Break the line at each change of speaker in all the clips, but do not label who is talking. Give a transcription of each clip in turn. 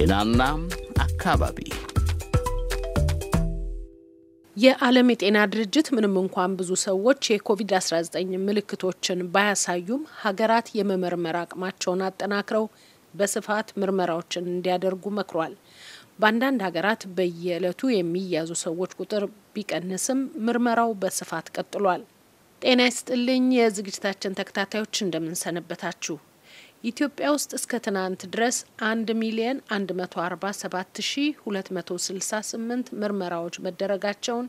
ጤናና አካባቢ
የዓለም የጤና ድርጅት ምንም እንኳን ብዙ ሰዎች የኮቪድ-19 ምልክቶችን ባያሳዩም ሀገራት የመመርመር አቅማቸውን አጠናክረው በስፋት ምርመራዎችን እንዲያደርጉ መክሯል። በአንዳንድ ሀገራት በየዕለቱ የሚያዙ ሰዎች ቁጥር ቢቀንስም ምርመራው በስፋት ቀጥሏል። ጤና ይስጥልኝ የዝግጅታችን ተከታታዮች እንደምንሰነበታችሁ። ኢትዮጵያ ውስጥ እስከ ትናንት ድረስ አንድ ሚሊየን አንድ መቶ አርባ ሰባት ሺ ሁለት መቶ ስልሳ ስምንት ምርመራዎች መደረጋቸውን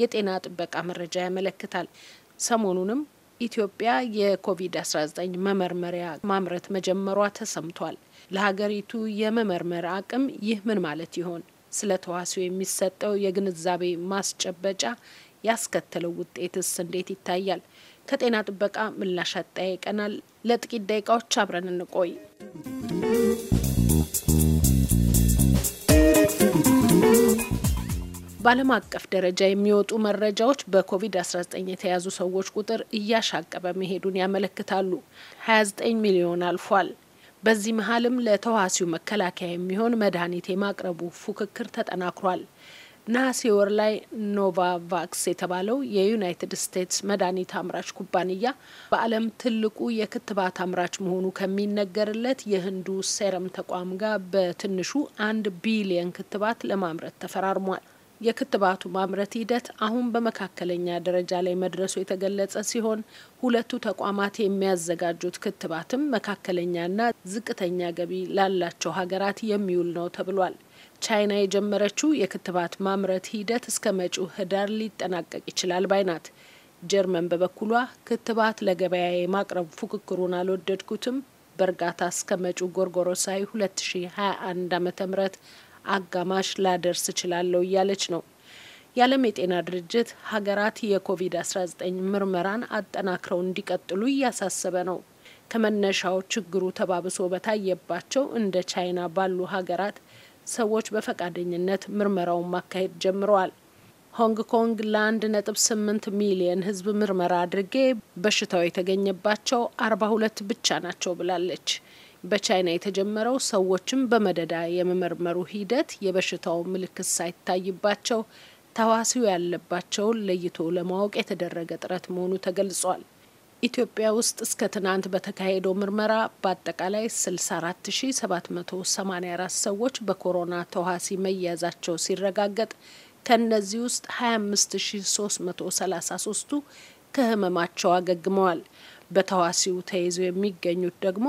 የጤና ጥበቃ መረጃ ያመለክታል። ሰሞኑንም ኢትዮጵያ የኮቪድ-19 መመርመሪያ ማምረት መጀመሯ ተሰምቷል። ለሀገሪቱ የመመርመር አቅም ይህ ምን ማለት ይሆን? ስለ ተዋሲው የሚሰጠው የግንዛቤ ማስጨበጫ ያስከተለው ውጤትስ እንዴት ይታያል? ከጤና ጥበቃ ምላሽ አጠያይቀናል። ለጥቂት ደቂቃዎች አብረን እንቆይ። በዓለም አቀፍ ደረጃ የሚወጡ መረጃዎች በኮቪድ-19 የተያዙ ሰዎች ቁጥር እያሻቀበ መሄዱን ያመለክታሉ። 29 ሚሊዮን አልፏል። በዚህ መሀልም ለተዋሲው መከላከያ የሚሆን መድኃኒት የማቅረቡ ፉክክር ተጠናክሯል። ነሐሴ ወር ላይ ኖቫቫክስ የተባለው የዩናይትድ ስቴትስ መድኃኒት አምራች ኩባንያ በዓለም ትልቁ የክትባት አምራች መሆኑ ከሚነገርለት የህንዱ ሴረም ተቋም ጋር በትንሹ አንድ ቢሊየን ክትባት ለማምረት ተፈራርሟል። የክትባቱ ማምረት ሂደት አሁን በመካከለኛ ደረጃ ላይ መድረሱ የተገለጸ ሲሆን ሁለቱ ተቋማት የሚያዘጋጁት ክትባትም መካከለኛና ዝቅተኛ ገቢ ላላቸው ሀገራት የሚውል ነው ተብሏል። ቻይና የጀመረችው የክትባት ማምረት ሂደት እስከ መጪው ህዳር ሊጠናቀቅ ይችላል ባይ ናት። ጀርመን በበኩሏ ክትባት ለገበያ የማቅረብ ፉክክሩን አልወደድኩትም፣ በእርጋታ እስከ መጪው ጎርጎሮሳዊ 2021 ዓ.ም አጋማሽ ላደርስ እችላለሁ እያለች ነው። የዓለም የጤና ድርጅት ሀገራት የኮቪድ-19 ምርመራን አጠናክረው እንዲቀጥሉ እያሳሰበ ነው። ከመነሻው ችግሩ ተባብሶ በታየባቸው እንደ ቻይና ባሉ ሀገራት ሰዎች በፈቃደኝነት ምርመራውን ማካሄድ ጀምረዋል። ሆንግ ኮንግ ለአንድ ነጥብ ስምንት ሚሊየን ህዝብ ምርመራ አድርጌ በሽታው የተገኘባቸው አርባ ሁለት ብቻ ናቸው ብላለች። በቻይና የተጀመረው ሰዎችም በመደዳ የመመርመሩ ሂደት የበሽታው ምልክት ሳይታይባቸው ተዋሲው ያለባቸውን ለይቶ ለማወቅ የተደረገ ጥረት መሆኑ ተገልጿል። ኢትዮጵያ ውስጥ እስከ ትናንት በተካሄደው ምርመራ በአጠቃላይ 64784 ሰዎች በኮሮና ተዋሲ መያዛቸው ሲረጋገጥ ከእነዚህ ውስጥ 25333ቱ ከህመማቸው አገግመዋል። በተዋሲው ተይዘው የሚገኙት ደግሞ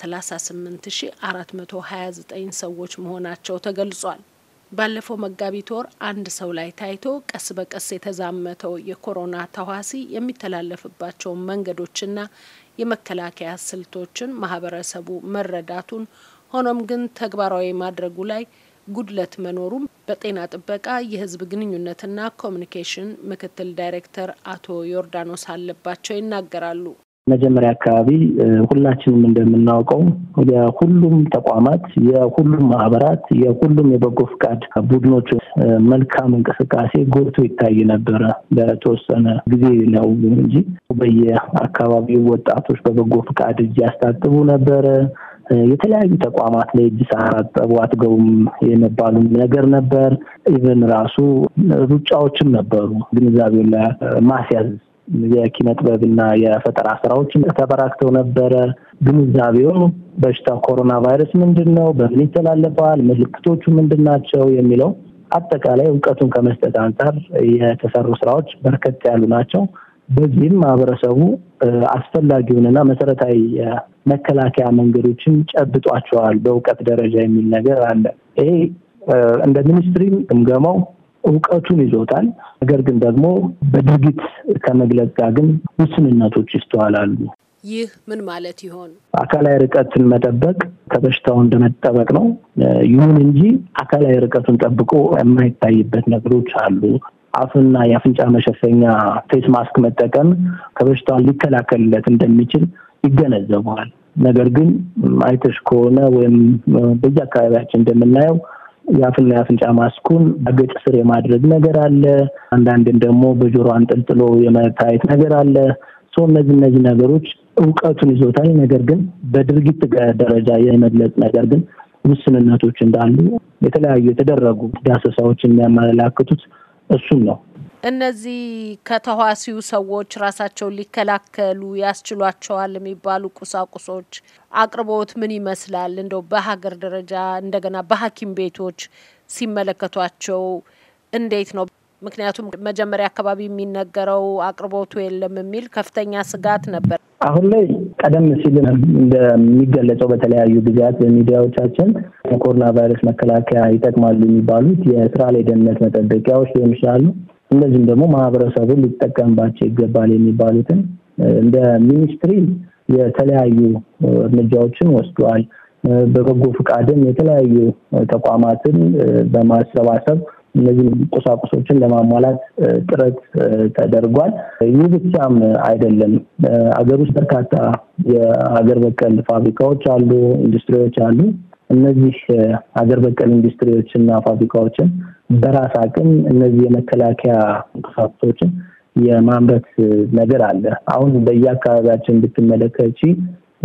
38429 ሰዎች መሆናቸው ተገልጿል። ባለፈው መጋቢት ወር አንድ ሰው ላይ ታይቶ ቀስ በቀስ የተዛመተው የኮሮና ተዋሲ የሚተላለፍባቸውን መንገዶችና የመከላከያ ስልቶችን ማህበረሰቡ መረዳቱን ሆኖም ግን ተግባራዊ ማድረጉ ላይ ጉድለት መኖሩም በጤና ጥበቃ የህዝብ ግንኙነትና ኮሚኒኬሽን ምክትል ዳይሬክተር አቶ ዮርዳኖስ አለባቸው ይናገራሉ።
መጀመሪያ አካባቢ ሁላችንም እንደምናውቀው የሁሉም ተቋማት፣ የሁሉም ማህበራት፣ የሁሉም የበጎ ፍቃድ ቡድኖች መልካም እንቅስቃሴ ጎልቶ ይታይ ነበረ። በተወሰነ ጊዜ ነው እንጂ በየአካባቢው ወጣቶች በበጎ ፍቃድ እጅ ያስታጥቡ ነበረ። የተለያዩ ተቋማት ላይ እጅ ሳያጠቡ አትገቡም የመባሉ ነገር ነበር። ኢቨን ራሱ ሩጫዎችም ነበሩ ግንዛቤውን ማስያዝ የኪነ ጥበብና የፈጠራ ስራዎችን ተበራክተው ነበረ። ግንዛቤው በሽታ ኮሮና ቫይረስ ምንድን ነው፣ በምን ይተላለፈዋል፣ ምልክቶቹ ምንድን ናቸው የሚለው አጠቃላይ እውቀቱን ከመስጠት አንጻር የተሰሩ ስራዎች በርከት ያሉ ናቸው። በዚህም ማህበረሰቡ አስፈላጊውንና መሰረታዊ የመከላከያ መንገዶችን ጨብጧቸዋል በእውቀት ደረጃ የሚል ነገር አለ። ይሄ እንደ ሚኒስትሪም ግምገማው እውቀቱን ይዞታል። ነገር ግን ደግሞ በድርጊት ከመግለጽ ጋር ግን ውስንነቶች ይስተዋላሉ።
ይህ ምን ማለት ይሆን?
አካላዊ ርቀትን መጠበቅ ከበሽታው እንደመጠበቅ ነው። ይሁን እንጂ አካላዊ ርቀቱን ጠብቆ የማይታይበት ነገሮች አሉ። አፍና የአፍንጫ መሸፈኛ ፌስ ማስክ መጠቀም ከበሽታውን ሊከላከልለት እንደሚችል ይገነዘበዋል። ነገር ግን አይተሽ ከሆነ ወይም በየአካባቢያችን እንደምናየው የአፍና የአፍንጫ ማስኩን በአገጭ ስር የማድረግ ነገር አለ። አንዳንድን ደግሞ በጆሮ አንጠልጥሎ የመታየት ነገር አለ። ሰው እነዚህ እነዚህ ነገሮች እውቀቱን ይዞታል። ነገር ግን በድርጊት ደረጃ የመግለጽ ነገር ግን ውስንነቶች እንዳሉ የተለያዩ የተደረጉ ዳሰሳዎች የሚያመላክቱት እሱን ነው።
እነዚህ ከተዋሲው ሰዎች ራሳቸውን ሊከላከሉ ያስችሏቸዋል የሚባሉ ቁሳቁሶች አቅርቦት ምን ይመስላል? እንደው በሀገር ደረጃ እንደገና በሐኪም ቤቶች ሲመለከቷቸው እንዴት ነው? ምክንያቱም መጀመሪያ አካባቢ የሚነገረው አቅርቦቱ የለም የሚል ከፍተኛ ስጋት ነበር።
አሁን ላይ ቀደም ሲል እንደሚገለጸው በተለያዩ ጊዜያት በሚዲያዎቻችን የኮሮና ቫይረስ መከላከያ ይጠቅማሉ የሚባሉት የስራ ላይ ደህንነት መጠበቂያዎች ሊሆን ይችላሉ እንደዚሁም ደግሞ ማህበረሰቡን ሊጠቀምባቸው ይገባል የሚባሉትን እንደ ሚኒስትሪ የተለያዩ እርምጃዎችን ወስዷል። በበጎ ፍቃድም የተለያዩ ተቋማትን በማሰባሰብ እነዚህ ቁሳቁሶችን ለማሟላት ጥረት ተደርጓል። ይህ ብቻም አይደለም። አገር ውስጥ በርካታ የሀገር በቀል ፋብሪካዎች አሉ፣ ኢንዱስትሪዎች አሉ። እነዚህ ሀገር በቀል ኢንዱስትሪዎችና ፋብሪካዎችን በራስ አቅም እነዚህ የመከላከያ ቁሳቁሶችን የማምረት ነገር አለ። አሁን በየአካባቢያችን ብትመለከቺ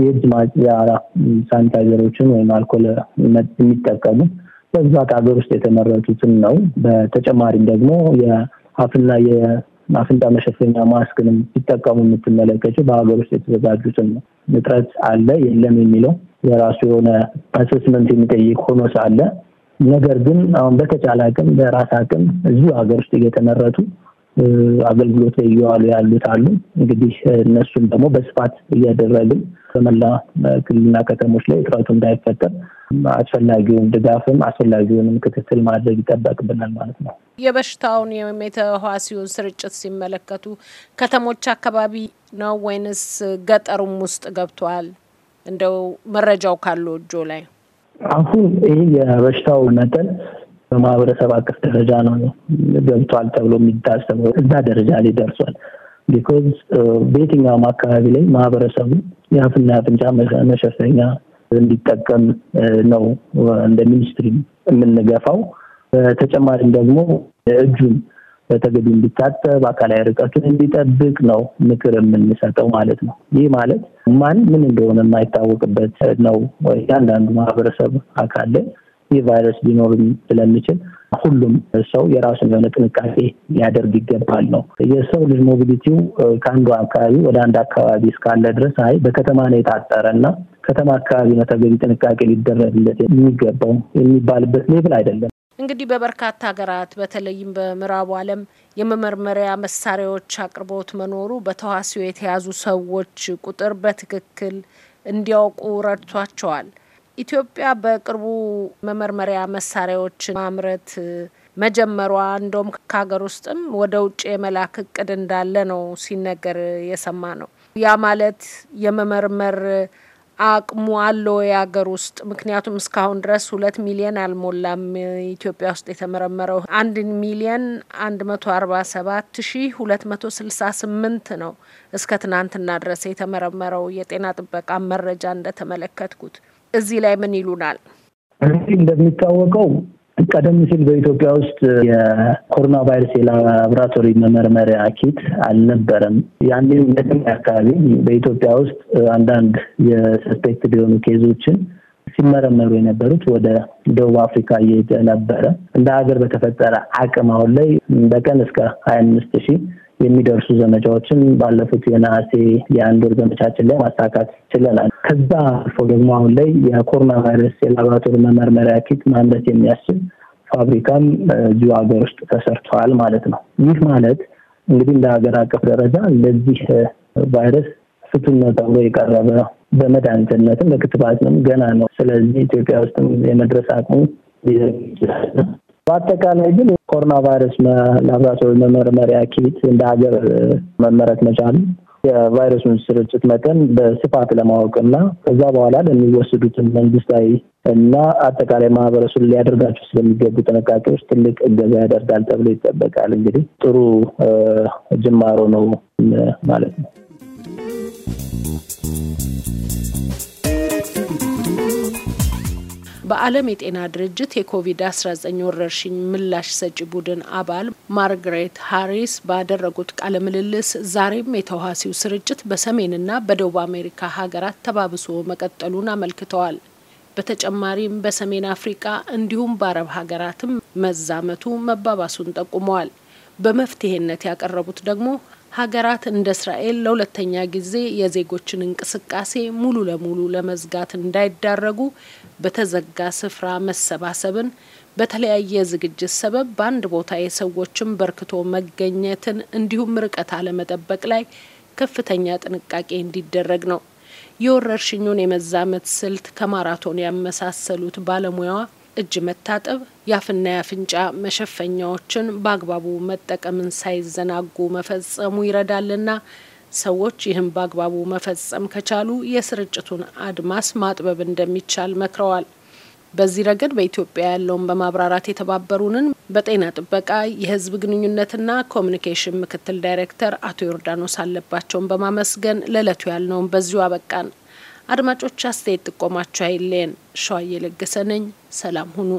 የእጅ ማጽያ ሳኒታይዘሮችን ወይም አልኮል የሚጠቀሙ በብዛት ሀገር ውስጥ የተመረቱትን ነው። በተጨማሪም ደግሞ የአፍና የአፍንጫ መሸፈኛ ማስክንም ሲጠቀሙ የምትመለከችው በሀገር ውስጥ የተዘጋጁትን ነው። እጥረት አለ የለም የሚለው የራሱ የሆነ አሴስመንት የሚጠይቅ ሆኖ ሳለ ነገር ግን አሁን በተቻለ አቅም በራስ አቅም እዚሁ ሀገር ውስጥ እየተመረቱ አገልግሎት እየዋሉ ያሉት አሉ። እንግዲህ እነሱን ደግሞ በስፋት እያደረግን በመላ ክልልና ከተሞች ላይ እጥረቱ እንዳይፈጠር አስፈላጊውን ድጋፍም አስፈላጊውንም ክትትል ማድረግ ይጠበቅብናል ማለት ነው።
የበሽታውን ወይም የተህዋሲውን ስርጭት ሲመለከቱ ከተሞች አካባቢ ነው ወይንስ ገጠሩም ውስጥ ገብቷል? እንደው መረጃው ካሉ እጆ ላይ
አሁን ይህ የበሽታው መጠን በማህበረሰብ አቀፍ ደረጃ ነው ገብቷል ተብሎ የሚታሰበው እዛ ደረጃ ላይ ደርሷል። ቢኮዝ በየትኛውም አካባቢ ላይ ማህበረሰቡ የአፍና አፍንጫ መሸፈኛ እንዲጠቀም ነው እንደ ሚኒስትሪ የምንገፋው። በተጨማሪም ደግሞ እጁን በተገቢ እንዲታጠብ፣ አካላዊ ርቀቱን እንዲጠብቅ ነው ምክር የምንሰጠው ማለት ነው። ይህ ማለት ማን ምን እንደሆነ የማይታወቅበት ነው። እያንዳንዱ ማህበረሰብ አካል ላይ ይህ ቫይረስ ሊኖር ስለሚችል ሁሉም ሰው የራሱን የሆነ ጥንቃቄ ሊያደርግ ይገባል ነው። የሰው ልጅ ሞቢሊቲው ከአንዱ አካባቢ ወደ አንድ አካባቢ እስካለ ድረስ አይ በከተማ ነው የታጠረ እና ከተማ አካባቢ ነው ተገቢ ጥንቃቄ ሊደረግለት የሚገባው የሚባልበት ሌብል አይደለም።
እንግዲህ በበርካታ ሀገራት በተለይም በምዕራቡ ዓለም የመመርመሪያ መሳሪያዎች አቅርቦት መኖሩ በተዋሲው የተያዙ ሰዎች ቁጥር በትክክል እንዲያውቁ ረድቷቸዋል። ኢትዮጵያ በቅርቡ መመርመሪያ መሳሪያዎች ማምረት መጀመሯ እንደውም ከሀገር ውስጥም ወደ ውጭ የመላክ እቅድ እንዳለ ነው ሲነገር የሰማ ነው። ያ ማለት የመመርመር አቅሙ አለው የሀገር ውስጥ ምክንያቱም እስካሁን ድረስ ሁለት ሚሊየን አልሞላም። ኢትዮጵያ ውስጥ የተመረመረው አንድ ሚሊየን አንድ መቶ አርባ ሰባት ሺ ሁለት መቶ ስልሳ ስምንት ነው እስከ ትናንትና ድረስ የተመረመረው የጤና ጥበቃ መረጃ እንደተመለከትኩት። እዚህ ላይ ምን ይሉናል?
እንግዲህ እንደሚታወቀው ቀደም ሲል በኢትዮጵያ ውስጥ የኮሮና ቫይረስ የላብራቶሪ መመርመሪያ ኪት አልነበረም። ያኔ አካባቢ በኢትዮጵያ ውስጥ አንዳንድ የሰስፔክት የሆኑ ኬዞችን ሲመረመሩ የነበሩት ወደ ደቡብ አፍሪካ እየሄደ ነበረ። እንደ ሀገር በተፈጠረ አቅም አሁን ላይ በቀን እስከ ሀያ አምስት ሺህ የሚደርሱ ዘመቻዎችን ባለፉት የነሐሴ የአንድ ወር ዘመቻችን ላይ ማሳካት ችለናል። ከዛ አልፎ ደግሞ አሁን ላይ የኮሮና ቫይረስ የላብራቶሪ መመርመሪያ ኪት ማምረት የሚያስችል ፋብሪካም እዚሁ ሀገር ውስጥ ተሰርተዋል ማለት ነው። ይህ ማለት እንግዲህ እንደ ሀገር አቀፍ ደረጃ ለዚህ ቫይረስ ፍቱን ነው ተብሎ የቀረበ በመድኃኒትነትም በክትባትም ገና ነው። ስለዚህ ኢትዮጵያ ውስጥም የመድረስ አቅሙ ይችላል። በአጠቃላይ ግን ኮሮና ቫይረስ ላብራቶሪ መመርመሪያ ኪት እንደ ሀገር መመረት መቻል የቫይረሱን ስርጭት መጠን በስፋት ለማወቅ እና ከዛ በኋላ መንግስት መንግስታዊ እና አጠቃላይ ማህበረሰቡን ሊያደርጋቸው ስለሚገቡ ጥንቃቄዎች ትልቅ እገዛ ያደርጋል ተብሎ ይጠበቃል። እንግዲህ ጥሩ ጅማሮ ነው
ማለት ነው። በዓለም የጤና ድርጅት የኮቪድ-19 ወረርሽኝ ምላሽ ሰጪ ቡድን አባል ማርግሬት ሃሪስ ባደረጉት ቃለ ምልልስ ዛሬም የተዋሲው ስርጭት በሰሜንና በደቡብ አሜሪካ ሀገራት ተባብሶ መቀጠሉን አመልክተዋል። በተጨማሪም በሰሜን አፍሪካ እንዲሁም በአረብ ሀገራትም መዛመቱ መባባሱን ጠቁመዋል። በመፍትሄነት ያቀረቡት ደግሞ ሀገራት እንደ እስራኤል ለሁለተኛ ጊዜ የዜጎችን እንቅስቃሴ ሙሉ ለሙሉ ለመዝጋት እንዳይዳረጉ በተዘጋ ስፍራ መሰባሰብን በተለያየ ዝግጅት ሰበብ በአንድ ቦታ የሰዎችን በርክቶ መገኘትን እንዲሁም ርቀት አለመጠበቅ ላይ ከፍተኛ ጥንቃቄ እንዲደረግ ነው። የወረርሽኙን የመዛመት ስልት ከማራቶን ያመሳሰሉት ባለሙያዋ እጅ መታጠብ፣ የአፍና የአፍንጫ መሸፈኛዎችን በአግባቡ መጠቀምን ሳይዘናጉ መፈጸሙ ይረዳልና ሰዎች ይህም በአግባቡ መፈጸም ከቻሉ የስርጭቱን አድማስ ማጥበብ እንደሚቻል መክረዋል። በዚህ ረገድ በኢትዮጵያ ያለውን በማብራራት የተባበሩንን በጤና ጥበቃ የሕዝብ ግንኙነትና ኮሚኒኬሽን ምክትል ዳይሬክተር አቶ ዮርዳኖስ አለባቸውን በማመስገን ለለቱ ያልነውን በዚሁ አበቃን። አድማጮች አስተያየት ጥቆማቸው አይለን ሸዋ እየለገሰ ነኝ። ሰላም ሁኑ።